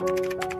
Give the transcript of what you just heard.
Música